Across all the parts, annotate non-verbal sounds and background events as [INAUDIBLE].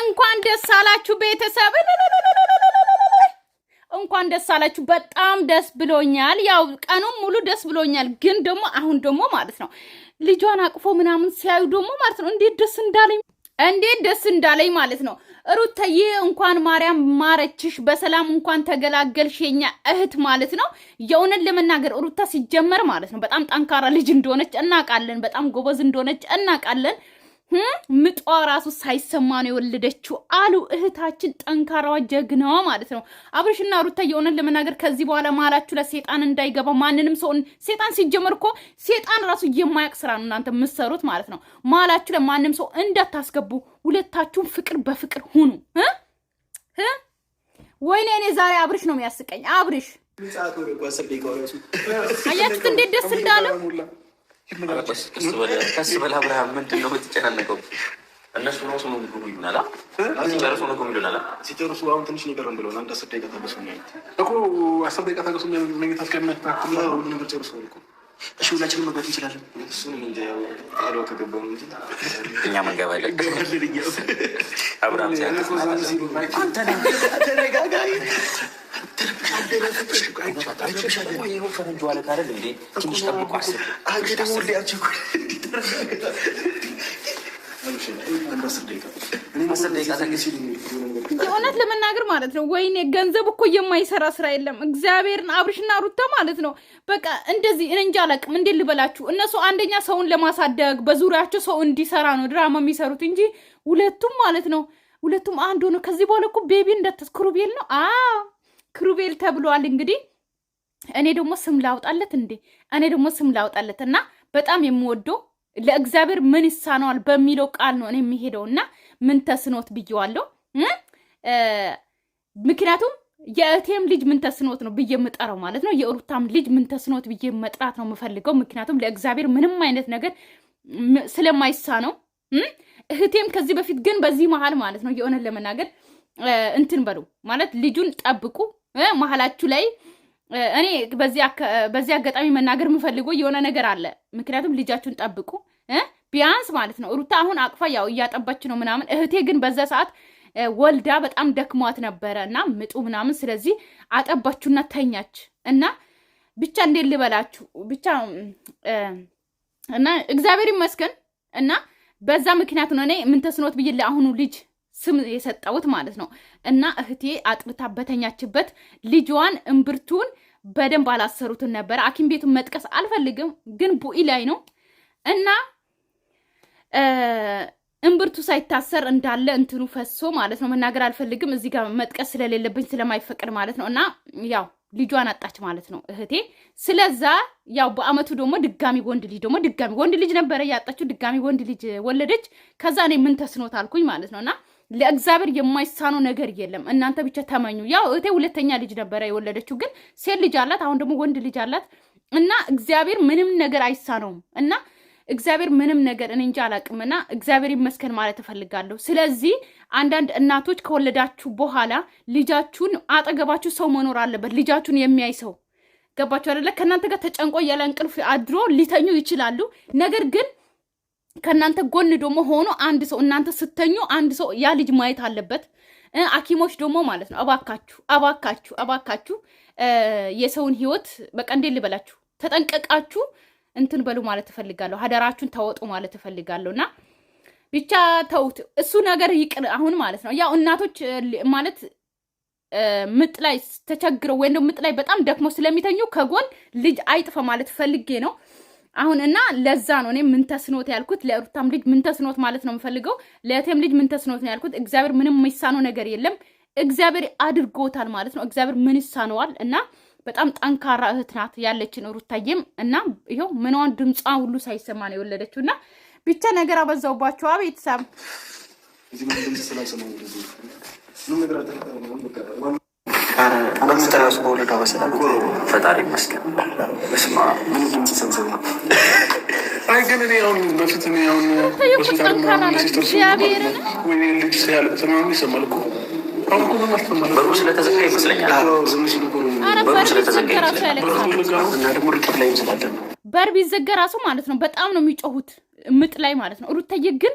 እንኳን ደስ አላችሁ ቤተሰብ፣ እንኳን ደስ አላችሁ። በጣም ደስ ብሎኛል። ያው ቀኑም ሙሉ ደስ ብሎኛል። ግን ደግሞ አሁን ደግሞ ማለት ነው ልጇን አቅፎ ምናምን ሲያዩ ደግሞ ማለት ነው እንዴት ደስ እንዳለኝ እንዴት ደስ እንዳለኝ ማለት ነው። ይህ እንኳን ማርያም ማረችሽ፣ በሰላም እንኳን ተገላገልሽ የኛ እህት ማለት ነው። የእውነት ለመናገር ሩታ ሲጀመር ማለት ነው በጣም ጠንካራ ልጅ እንደሆነች እናውቃለን። በጣም ጎበዝ እንደሆነች እናውቃለን። ምጧ ራሱ ሳይሰማ ነው የወለደችው አሉ እህታችን፣ ጠንካራዋ ጀግናዋ ማለት ነው። አብርሽና ሩታ የሆነን ለመናገር ከዚህ በኋላ ማላችሁ ለሴጣን እንዳይገባ ማንንም ሰው ሴጣን ሲጀመር እኮ ሴጣን ራሱ የማያቅ ስራ ነው እናንተ የምትሰሩት ማለት ነው። ማላችሁ ለማንም ሰው እንዳታስገቡ፣ ሁለታችሁን ፍቅር በፍቅር ሁኑ። ወይኔ እኔ ዛሬ አብርሽ ነው የሚያስቀኝ። አብርሽ አያችሁት እንዴት ደስ እንዳለው ቀስ በል አብርሃም፣ ምንድን ነው የምትጨናነቀው? እነሱ ነው ምግቡ ይሉናል፣ ሲጨርሱ ምግቡ ይሉናል። ሲጨርሱ አሁን ትንሽ ነው የቀረን ብለውን አንድ አስር ደቂቃ ታገሱ እኮ አስር ደቂቃ ታገሱ መኝታ እስከሚያስተካክል ሁሉ ነገር ጨርሶ እኮ እሺ ሁላችንም መግባት እንችላለን። እኛ እንገባለን። አብርሃም የእውነት ለመናገር ማለት ነው። ወይኔ ገንዘብ እኮ የማይሰራ ስራ የለም። እግዚአብሔርን አብርሽና ሩታ ማለት ነው። በቃ እንደዚህ እንጃ አላቅም እንዴት ልበላችሁ። እነሱ አንደኛ ሰውን ለማሳደግ በዙሪያቸው ሰው እንዲሰራ ነው ድራማ የሚሰሩት እንጂ ሁለቱም ማለት ነው ሁለቱም አንድ ሆነ። ከዚህ በኋላ እኮ ቤቢ እንደተስክሩ ቤል ነው። ክሩቤል ተብሏል። እንግዲህ እኔ ደግሞ ስም ላውጣለት እንዴ? እኔ ደግሞ ስም ላውጣለት እና በጣም የምወደው ለእግዚአብሔር ምን ይሳነዋል በሚለው ቃል ነው እኔ የሚሄደው እና ምን ተስኖት ብዬዋለሁ። ምክንያቱም የእቴም ልጅ ምን ተስኖት ነው ብዬ የምጠራው ማለት ነው። የሩታም ልጅ ምን ተስኖት ብዬ መጥራት ነው የምፈልገው። ምክንያቱም ለእግዚአብሔር ምንም አይነት ነገር ስለማይሳ ነው እህቴም ከዚህ በፊት ግን በዚህ መሀል ማለት ነው የሆነን ለመናገር እንትን በሉ ማለት ልጁን ጠብቁ መሀላችሁ ላይ እኔ በዚህ አጋጣሚ መናገር የምፈልገው የሆነ ነገር አለ። ምክንያቱም ልጃችሁን ጠብቁ ቢያንስ ማለት ነው። ሩታ አሁን አቅፋ ያው እያጠባች ነው ምናምን። እህቴ ግን በዛ ሰዓት ወልዳ በጣም ደክሟት ነበረ እና ምጡ ምናምን፣ ስለዚህ አጠባችሁና ተኛች እና ብቻ እንዴት ልበላችሁ ብቻ እና እግዚአብሔር ይመስገን እና በዛ ምክንያት ነው እኔ ምን ተስኖት ብዬ ለአሁኑ ልጅ ስም የሰጠውት ማለት ነው። እና እህቴ አጥብታ በተኛችበት ልጇን እምብርቱን በደንብ አላሰሩትን ነበረ። ሐኪም ቤቱን መጥቀስ አልፈልግም፣ ግን ቡኢ ላይ ነው እና እምብርቱ ሳይታሰር እንዳለ እንትኑ ፈሶ ማለት ነው። መናገር አልፈልግም እዚህ ጋር መጥቀስ ስለሌለብኝ ስለማይፈቀድ ማለት ነው። እና ያው ልጇን አጣች ማለት ነው እህቴ። ስለዛ ያው በአመቱ ደግሞ ድጋሚ ወንድ ልጅ ደግሞ ድጋሚ ወንድ ልጅ ነበረ ያጣችው፣ ድጋሚ ወንድ ልጅ ወለደች። ከዛ እኔ ምን ተስኖት አልኩኝ ማለት ነው እና ለእግዚአብሔር የማይሳነው ነገር የለም። እናንተ ብቻ ተመኙ። ያው እቴ ሁለተኛ ልጅ ነበረ የወለደችው፣ ግን ሴት ልጅ አላት። አሁን ደግሞ ወንድ ልጅ አላት እና እግዚአብሔር ምንም ነገር አይሳነውም እና እግዚአብሔር ምንም ነገር እኔ እንጂ አላቅምና እግዚአብሔር ይመስገን ማለት እፈልጋለሁ። ስለዚህ አንዳንድ እናቶች ከወለዳችሁ በኋላ ልጃችሁን አጠገባችሁ ሰው መኖር አለበት፣ ልጃችሁን የሚያይ ሰው ገባችሁ አደለ? ከእናንተ ጋር ተጨንቆ ያለ እንቅልፍ አድሮ ሊተኙ ይችላሉ። ነገር ግን ከእናንተ ጎን ደግሞ ሆኖ አንድ ሰው እናንተ ስተኙ አንድ ሰው ያ ልጅ ማየት አለበት። ሐኪሞች ደግሞ ማለት ነው እባካችሁ እባካችሁ እባካችሁ የሰውን ህይወት በቃ እንዴት ልበላችሁ ተጠንቀቃችሁ እንትን በሉ ማለት እፈልጋለሁ። ሀደራችሁን ተወጡ ማለት እፈልጋለሁ። እና ብቻ ተውት፣ እሱ ነገር ይቅር አሁን ማለት ነው። ያው እናቶች ማለት ምጥ ላይ ተቸግረው ወይም ምጥ ላይ በጣም ደክሞ ስለሚተኙ ከጎን ልጅ አይጥፈ ማለት ፈልጌ ነው። አሁን እና ለዛ ነው እኔ ምንተስኖት ያልኩት። ለሩታም ልጅ ምንተስኖት ማለት ነው የምፈልገው። ለእቴም ልጅ ምንተስኖት ነው ያልኩት። እግዚአብሔር ምንም የሚሳነው ነገር የለም። እግዚአብሔር አድርጎታል ማለት ነው። እግዚአብሔር ምን ይሳነዋል? እና በጣም ጠንካራ እህት ናት ያለችን ሩታዬም እና ይኸው ምንዋን ድምጿ ሁሉ ሳይሰማ ነው የወለደችው። እና ብቻ ነገር አበዛውባቸዋ ቤተሰብ ፈጣሪ ይመስገን። ምን ድምፅ ሰንሰብ ነው? አይ ግን እኔ አሁን በፊት እኔ አሁን ልጅ ሲያለቅስ ምናምን ይሰማል እኮ በር ቢዘጋ ራሱ ማለት ነው በጣም ነው የሚጮሁት ምጥ ላይ ማለት ነው። ሩታዬ ግን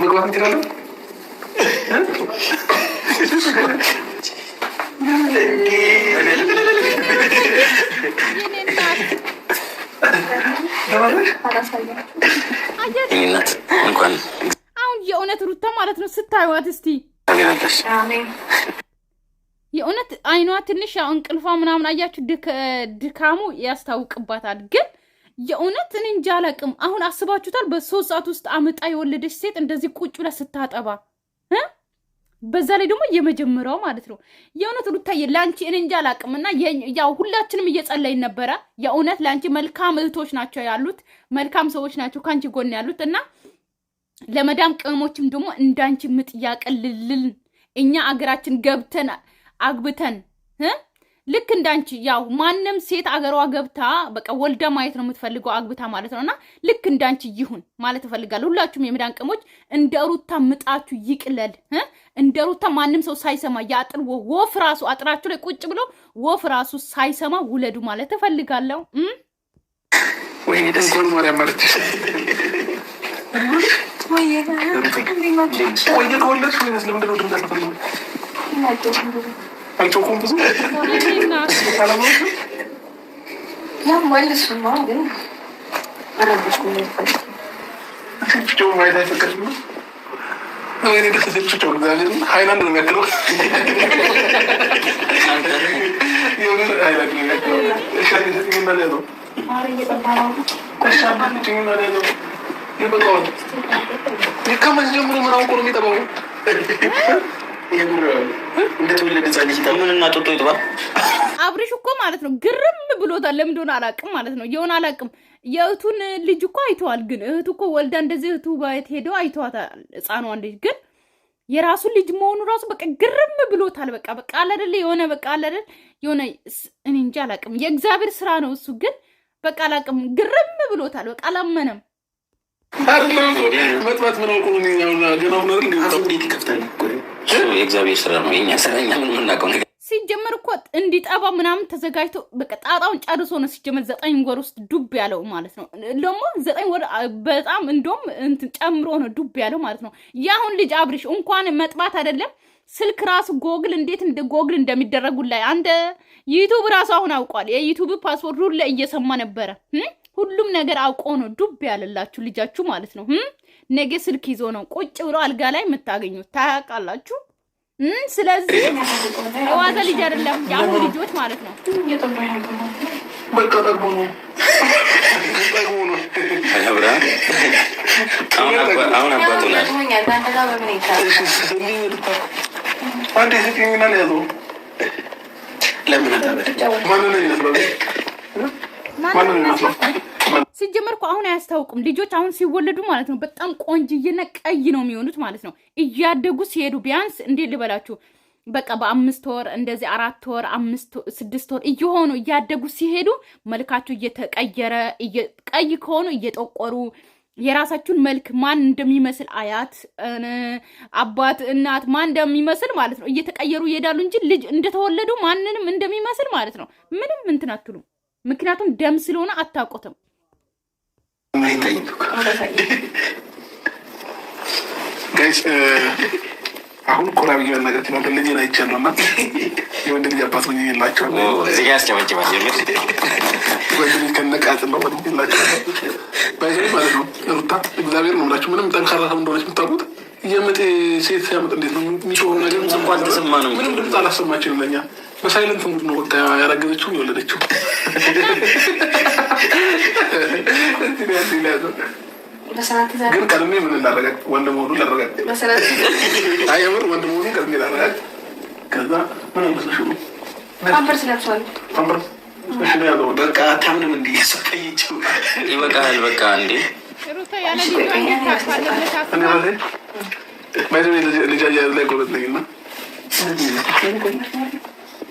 መግባት እንትላለ አሁን የእውነት ሩታ ማለት ነው ስታዩዋት፣ እስቲ የእውነት አይኗ ትንሽ ያው እንቅልፏ ምናምን አያችሁ፣ ድካሙ ያስታውቅባታል ግን የእውነት እኔ እንጃ አላቅም። አሁን አስባችሁታል? በሶስት ሰዓት ውስጥ አምጣ የወለደች ሴት እንደዚህ ቁጭ ብላ ስታጠባ፣ በዛ ላይ ደግሞ የመጀመሪያው ማለት ነው። የእውነት ሩታዬ ለአንቺ እኔ እንጃ አላቅም። እና ያው ሁላችንም እየጸለይን ነበረ። የእውነት ለአንቺ መልካም እህቶች ናቸው ያሉት፣ መልካም ሰዎች ናቸው ከአንቺ ጎን ያሉት እና ለመዳም ቅመሞችም ደግሞ እንዳንቺ ምጥ ያቀልልን እኛ አገራችን ገብተን አግብተን ልክ እንዳንቺ ያው ማንም ሴት አገሯ ገብታ በቃ ወልዳ ማየት ነው የምትፈልገው አግብታ ማለት ነው። እና ልክ እንዳንቺ ይሁን ማለት እፈልጋለሁ። ሁላችሁም የመዳን ቅሞች እንደ ሩታ ምጣችሁ ይቅለል። እንደ ሩታ ማንም ሰው ሳይሰማ የአጥር ወፍ ራሱ አጥራችሁ ላይ ቁጭ ብሎ ወፍ ራሱ ሳይሰማ ውለዱ ማለት እፈልጋለሁ። ወይ አልጮኩም ብዙ ያው መልሱማ ነው የሚያክለው። ከመጀመሪያው ምናምን እኮ ነው የሚጠባው። እንደተወለደ ምንና እኮ ማለት ነው ግርም ብሎታል። ለምን እንደሆነ አላውቅም ማለት ነው የሆነ አላውቅም። የእህቱን ልጅ እኮ አይተዋል፣ ግን እህቱ እኮ ወልዳ እንደዚህ እህቱ ቤት ሄደው አይተዋታል። ህፃኗን ልጅ ግን የራሱን ልጅ መሆኑ ራሱ በቃ ግርም ብሎታል። በቃ በቃ አለ አይደል የሆነ በቃ አለ አይደል የሆነ እኔ እንጂ አላውቅም። የእግዚአብሔር ስራ ነው እሱ ግን በቃ አላውቅም፣ ግርም ብሎታል። በቃ አላመነም። ሲጀመር እኮ እንዲጠባ ምናምን ተዘጋጅቶ በቀጣጣውን ጣጣውን ጨርሶ ነው ሲጀመር ዘጠኝ ወር ውስጥ ዱብ ያለው ማለት ነው። ደግሞ ዘጠኝ ወር በጣም እንደውም እንትን ጨምሮ ነው ዱብ ያለው ማለት ነው። የአሁን ልጅ አብርሽ እንኳን መጥባት አይደለም ስልክ ራሱ ጎግል እንዴት እንደ ጎግል እንደሚደረጉ ላይ አንድ ዩቱብ ራሱ አሁን አውቋል። የዩቱብ ፓስፖርት ሁሉ እየሰማ ነበረ ሁሉም ነገር አውቆ ነው ዱብ ያለላችሁ ልጃችሁ ማለት ነው። ነገ ስልክ ይዞ ነው ቁጭ ብሎ አልጋ ላይ የምታገኙት ታያውቃላችሁ። ስለዚህ የዋዛ ልጅ አይደለም የአሁኑ ልጆች ማለት ነው። ለምን ሲጀመር እኮ አሁን አያስታውቅም። ልጆች አሁን ሲወለዱ ማለት ነው በጣም ቆንጅዬና ቀይ ነው የሚሆኑት ማለት ነው። እያደጉ ሲሄዱ ቢያንስ እንዴት ልበላችሁ በቃ በአምስት ወር እንደዚህ አራት ወር አምስት ስድስት ወር እየሆኑ እያደጉ ሲሄዱ መልካቸው እየተቀየረ ቀይ ከሆኑ እየጠቆሩ የራሳችሁን መልክ ማን እንደሚመስል አያት፣ አባት፣ እናት ማን እንደሚመስል ማለት ነው እየተቀየሩ ይሄዳሉ እንጂ ልጅ እንደተወለዱ ማንንም እንደሚመስል ማለት ነው ምንም እንትን አትሉም። ምክንያቱም ደም ስለሆነ አታውቁትም። አሁን ኮራ ብዬ መናገር ሲኖር ልጅን አይቻለሁ እና የወንድ ልጅ አባት ሆኜ የላቸዋለሁ። እዚህ ጋር ያስጨበጭባል። ወንድ ልጅ ከነቃጥ ነው ወንድ የላቸዋለሁ ባይሄድ ማለት ነው። ሩታ እግዚአብሔር ነው ብላችሁ ምንም ጠንካራ ሰው እንደሆነች የምታውቁት የምጤ ሴት ሲያመጥ እንዴት ነው የሚጮኸው ነገር? ምንም ድምፅ አላሰማችንም ለኛ በሳይለንት ሙድ ነው ወጣ ያረገዘችው የወለደችው። ግን ቀድሜ ምን ላረጋግ ወንድ መሆኑን ላረጋግጥ፣ የምር ወንድ መሆኑን ቀድሜ ላረጋግ። ከዛ ምን አልበሰሽ ነው ፓምፐርስ ለብሷል። ፓምፐርስ በቃ አታምንም እንዲ ሰጠይችው ይበቃል። በቃ እንዴ ልጃ ልጅ ላይ ጎበዝ ነኝ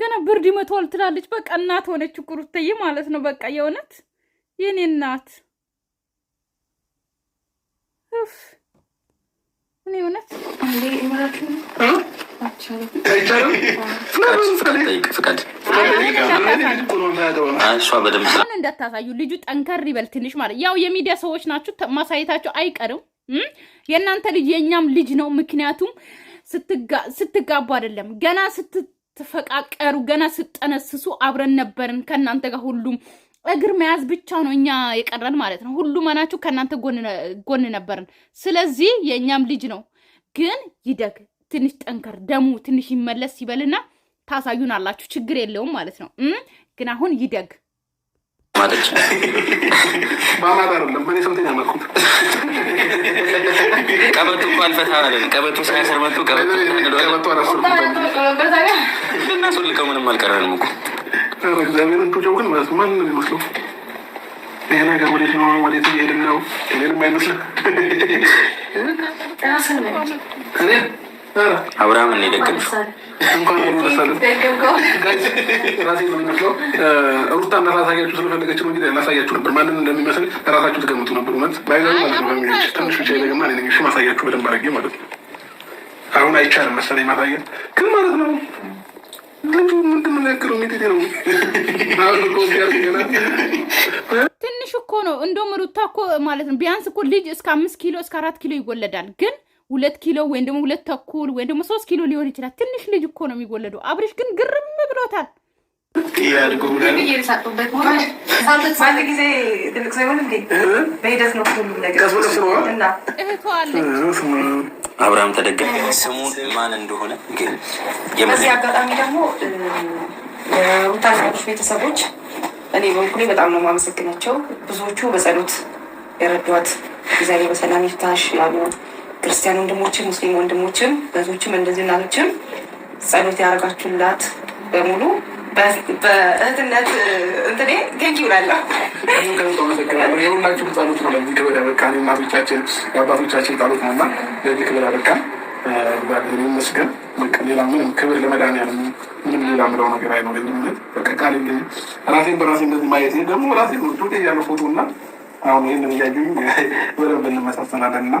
ገና ብርድ ይመቷል ትላለች። በቃ እናት ሆነች ሩትዬ ማለት ነው። በቃ የእውነት የኔ እናት እኔ እውነት አሁን እንዳታሳዩ ልጁ ጠንከር ይበል ትንሽ ማለት ያው የሚዲያ ሰዎች ናችሁ ማሳየታቸው አይቀርም። የእናንተ ልጅ የእኛም ልጅ ነው። ምክንያቱም ስትጋቡ አይደለም ገና ስትፈቃቀሩ ገና ስጠነስሱ አብረን ነበርን ከእናንተ ጋር ሁሉም እግር መያዝ ብቻ ነው እኛ የቀረን ማለት ነው። ሁሉ መናችሁ ከእናንተ ጎን ነበርን። ስለዚህ የእኛም ልጅ ነው፣ ግን ይደግ ትንሽ ጠንከር ደሙ ትንሽ ይመለስ ይበልና ታሳዩን አላችሁ። ችግር የለውም ማለት ነው። ግን አሁን ይደግ ማለች በአማራ አይደለም በእኔ ሰምተኝ ያመልኩት ቀበቶ እኮ አልፈታ አለን። ቀበቶ ሳያስር መቶ ቀበቶ እናስወልቀው ምንም አልቀረንም እኮ እግዚአብሔር እንቶቸው ግን ማለት ማን ነው የሚመስለው? ይህ ነገር ወዴት ነው? ወዴት እየሄድን ነው? እኔንም አይመስልም እኔ አብርሃም እኔ ደገምሽ እንኳን ደረሰል ስለፈለገች ነው። እንግዲህ ላሳያችሁ ነበር ማንም እንደሚመስል ራሳችሁ ትገምጡ ነበር። እውነት ባይዘ ማለት ትንሽ ብቻ ይለግማ ሽ ማሳያችሁ በደንብ አድርጌ ማለት ነው። አሁን አይቻልም መሰለኝ ማሳየት ግን ማለት ነው። ትንሽ እኮ ነው። እንደውም ሩታ እኮ ማለት ነው ቢያንስ እኮ ልጅ እስከ አምስት ኪሎ እስከ አራት ኪሎ ይወለዳል ግን ሁለት ኪሎ ወይም ደግሞ ሁለት ተኩል ወይም ደግሞ ሶስት ኪሎ ሊሆን ይችላል። ትንሽ ልጅ እኮ ነው የሚወለደው። አብርሽ ግን ግርም ብሎታል። ጊዜ ትልቅ ሳይሆን አብርሃም ተደገፈ ስሙን ማን እንደሆነ ግን በዚህ አጋጣሚ ደግሞ የሩታሽ ቤተሰቦች እኔ በኩሌ በጣም ነው የማመሰግናቸው። ብዙዎቹ በጸሎት የረዷት እግዚአብሔር በሰላም ይፍታሽ ያሉ ክርስቲያን ወንድሞችን፣ ሙስሊም ወንድሞችን፣ በዞችም እንደዚህ እናቶችም ጸሎት ያደርጋችሁላት በሙሉ በእህትነት እንትኔ ገንጊ ውላለሁ። የሁላችሁም ጸሎት ነው ለዚህ ክብር ያበቃን፣ የእናቶቻችን የአባቶቻችን ጸሎት ነው እና ለዚህ ክብር ያበቃን። እግዚአብሔር ይመስገን። ሌላ ምንም ክብር ለመድኃኒዓለም ምንም ሌላ ምለው ነገር አይኖረኝም። በቃል ራሴን በራሴ እንደዚህ ማየት ደግሞ ራሴ ያለ ፎቶ እና አሁን ይህንን እያዩኝ በደንብ እንመሳሰላለን እና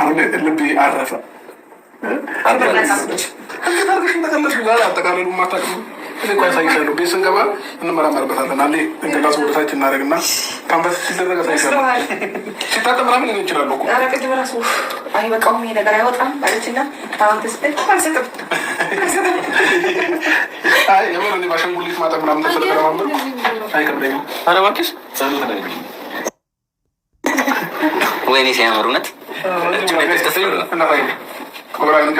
አሁን ልቤ አረፈ። አጠቃለሉ ማታቅ ሳይሻሉ ቤት ስንገባ እንመራመርበታለን። አንዴ ወደታች እናደርግና ሳይሻሉ ሲታጠብ ምናምን ሊሆን ይችላሉ። ቅድም ራሱ ይሄ ነገር አይወጣም አለችና ወይኔ ሲያምር እውነት ለማንኛውም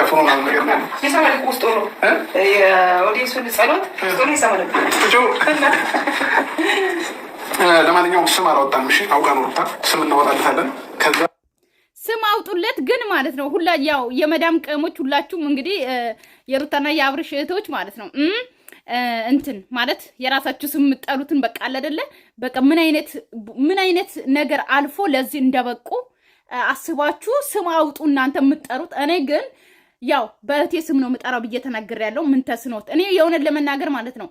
ስም አላወጣም። እሺ አውቃ ኖርታ ስም እናወጣልታለን። ከዛ ስም አውጡለት ግን ማለት ነው። ሁላ ያው የመዳም ቀሞች ሁላችሁም እንግዲህ የሩታና የአብርሽ እህቶች ማለት ነው እንትን ማለት የራሳችሁ ስም የምጠሉትን በቃ አለ አይደለ? በቃ ምን አይነት ምን አይነት ነገር አልፎ ለዚህ እንደበቁ አስባችሁ ስም አውጡ እናንተ የምትጠሩት። እኔ ግን ያው በእህቴ ስም ነው የምጠራው ብዬ ተናግሬ ያለው ምን ተስኖት እኔ የእውነት ለመናገር ማለት ነው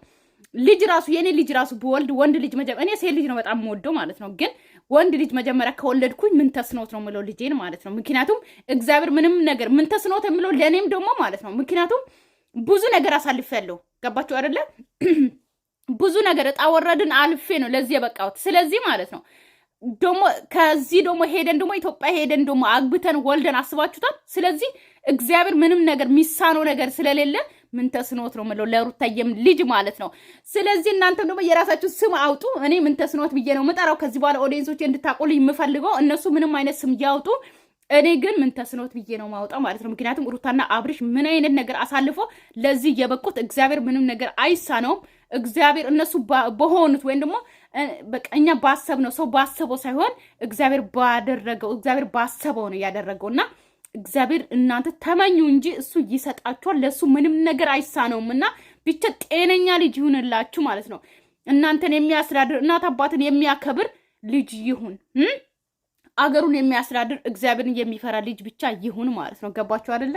ልጅ ራሱ የእኔ ልጅ ራሱ ብወልድ ወንድ ልጅ እኔ ሴት ልጅ ነው በጣም የምወደው ማለት ነው። ግን ወንድ ልጅ መጀመሪያ ከወለድኩኝ ምን ተስኖት ነው የምለው ልጄን ማለት ነው። ምክንያቱም እግዚአብሔር ምንም ነገር ምን ተስኖት የምለው ለእኔም ደግሞ ማለት ነው። ምክንያቱም ብዙ ነገር ያለው ገባችሁ አይደለ? [CLEARS THROAT] ብዙ ነገር እጣ ወረድን አልፌ ነው ለዚህ የበቃሁት። ስለዚህ ማለት ነው ደግሞ ከዚህ ደግሞ ሄደን ደግሞ ኢትዮጵያ ሄደን ደግሞ አግብተን ወልደን አስባችሁታል። ስለዚህ እግዚአብሔር ምንም ነገር የሚሳነው ነገር ስለሌለ ምን ተስኖት ነው የምለው ለሩታየም ልጅ ማለት ነው። ስለዚህ እናንተም ደግሞ የራሳችሁ ስም አውጡ። እኔ ምን ተስኖት ብዬ ነው የምጠራው። ከዚህ በኋላ ኦዲየንሶች እንድታቆሉ የምፈልገው እነሱ ምንም አይነት ስም እያወጡ እኔ ግን ምን ተስኖት ብዬ ነው ማውጣው ማለት ነው። ምክንያቱም ሩታና አብርሽ ምን አይነት ነገር አሳልፎ ለዚህ የበቁት እግዚአብሔር ምንም ነገር አይሳነውም። እግዚአብሔር እነሱ በሆኑት ወይም ደግሞ እኛ ባሰብ ነው ሰው ባሰበው ሳይሆን እግዚአብሔር ባደረገው እግዚአብሔር ባሰበው ነው ያደረገው እና እግዚአብሔር እናንተ ተመኙ እንጂ እሱ ይሰጣችኋል። ለእሱ ምንም ነገር አይሳነውም እና ብቻ ጤነኛ ልጅ ይሁንላችሁ ማለት ነው። እናንተን የሚያስተዳድር እናት አባትን የሚያከብር ልጅ ይሁን፣ አገሩን የሚያስተዳድር እግዚአብሔርን የሚፈራ ልጅ ብቻ ይሁን ማለት ነው። ገባችሁ አይደለ?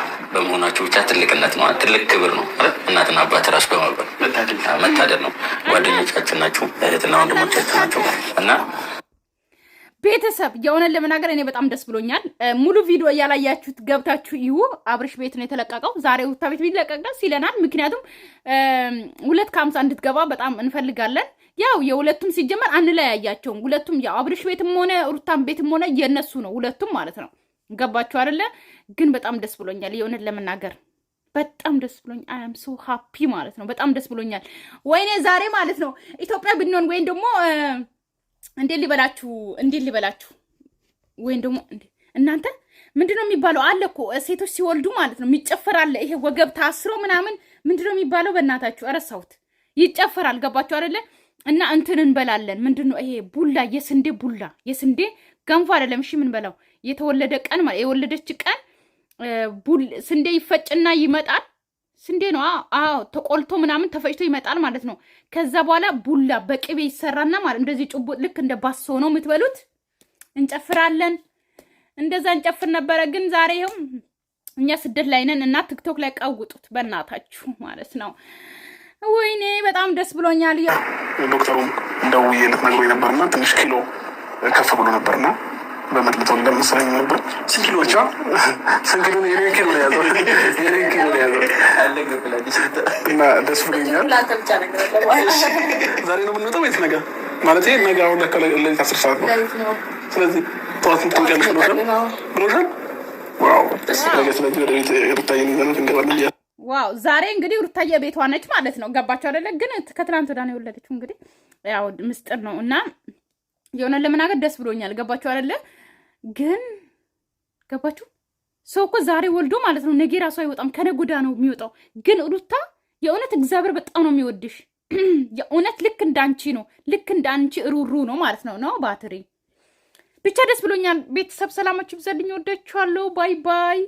በመሆናቸው ብቻ ትልቅነት ነው፣ ትልቅ ክብር ነው። እናትና አባት ራሱ በመባል መታደል ነው። ጓደኞቻችን ናቸው፣ እህትና ወንድሞቻችን ናቸው እና ቤተሰብ የሆነን ለመናገር እኔ በጣም ደስ ብሎኛል። ሙሉ ቪዲዮ እያላያችሁት ገብታችሁ ይሁ አብርሽ ቤት ነው የተለቀቀው። ዛሬ ሩታ ቤት ቢለቀቅ ደስ ይለናል። ምክንያቱም ሁለት ከሀምሳ እንድትገባ በጣም እንፈልጋለን። ያው የሁለቱም ሲጀመር አንለያያቸውም። ሁለቱም ያው አብርሽ ቤትም ሆነ ሩታም ቤትም ሆነ የነሱ ነው፣ ሁለቱም ማለት ነው። ገባችሁ አይደለ? ግን በጣም ደስ ብሎኛል። የእውነት ለመናገር በጣም ደስ ብሎኛል። አይ አም ሶ ሃፒ ማለት ነው። በጣም ደስ ብሎኛል። ወይኔ ዛሬ ማለት ነው ኢትዮጵያ ብንሆን ወይም ደግሞ እንዴት ሊበላችሁ እንዴት ሊበላችሁ ወይም ደግሞ እናንተ ምንድን ነው የሚባለው? አለ እኮ ሴቶች ሲወልዱ ማለት ነው የሚጨፈራል። ይሄ ወገብ ታስሮ ምናምን ምንድን ነው የሚባለው? በእናታችሁ እረሳሁት። ይጨፈራል። ገባችሁ አይደለ? እና እንትን እንበላለን። ምንድን ነው ይሄ ቡላ፣ የስንዴ ቡላ፣ የስንዴ ገንፎ አይደለም። እሺ ምንበላው የተወለደ ቀን ማለት የወለደች ቀን ስንዴ ይፈጭና ይመጣል። ስንዴ ነው። አዎ ተቆልቶ ምናምን ተፈጭቶ ይመጣል ማለት ነው። ከዛ በኋላ ቡላ በቅቤ ይሰራና ማለት እንደዚህ ጭቦ ልክ እንደ ባሶ ነው የምትበሉት። እንጨፍራለን። እንደዛ እንጨፍር ነበረ። ግን ዛሬ ይኸው እኛ ስደት ላይ ነን እና ቲክቶክ ላይ ቀውጡት በእናታችሁ ማለት ነው። ወይኔ በጣም ደስ ብሎኛል። ዶክተሩም እንደው የነት ነግሮ ነበርና ትንሽ ኪሎ ከፍ ብሎ ነበርና በመድልቶ እንደምስለኝ ነበር። ስንኪሎቿ ስንኪሉን ብቻ ስንት ኪሎ የኔ ያዘው የኔ ኪሎ ያዘው እና ደስ ብሎኛል። ዛሬ ነው የምንወጣው ወይስ ነገ? ማለት ነገ አሁን ለሊት አስር ሰዓት ነው። ስለዚህ ጠዋት ትወጫለሽ ብሎሻል። ዋው ስለዚህ ወደ ቤት ሩታዬን ይዘናት እንገባለን። ዋው ዛሬ እንግዲህ ሩታየ ቤቷ ነች ማለት ነው። ገባቸው አይደለ? ግን ከትናንት ወዲያ ነው የወለደችው። እንግዲህ ያው ምስጢር ነው እና የሆነ ለመናገር ደስ ብሎኛል። ገባቸው አይደለ? ግን ገባችሁ? ሰው እኮ ዛሬ ወልዶ ማለት ነው ነገ ራሱ አይወጣም፣ ከነጎዳ ነው የሚወጣው። ግን ሩታ የእውነት እግዚአብሔር በጣም ነው የሚወድሽ። [CLEARS THROAT] የእውነት ልክ እንዳንቺ ነው፣ ልክ እንዳንቺ እሩሩ ነው ማለት ነው ነው ባትሪ ብቻ ደስ ብሎኛል። ቤተሰብ ሰላማችሁ ብዘልኝ ወዳችኋለሁ። ባይ ባይ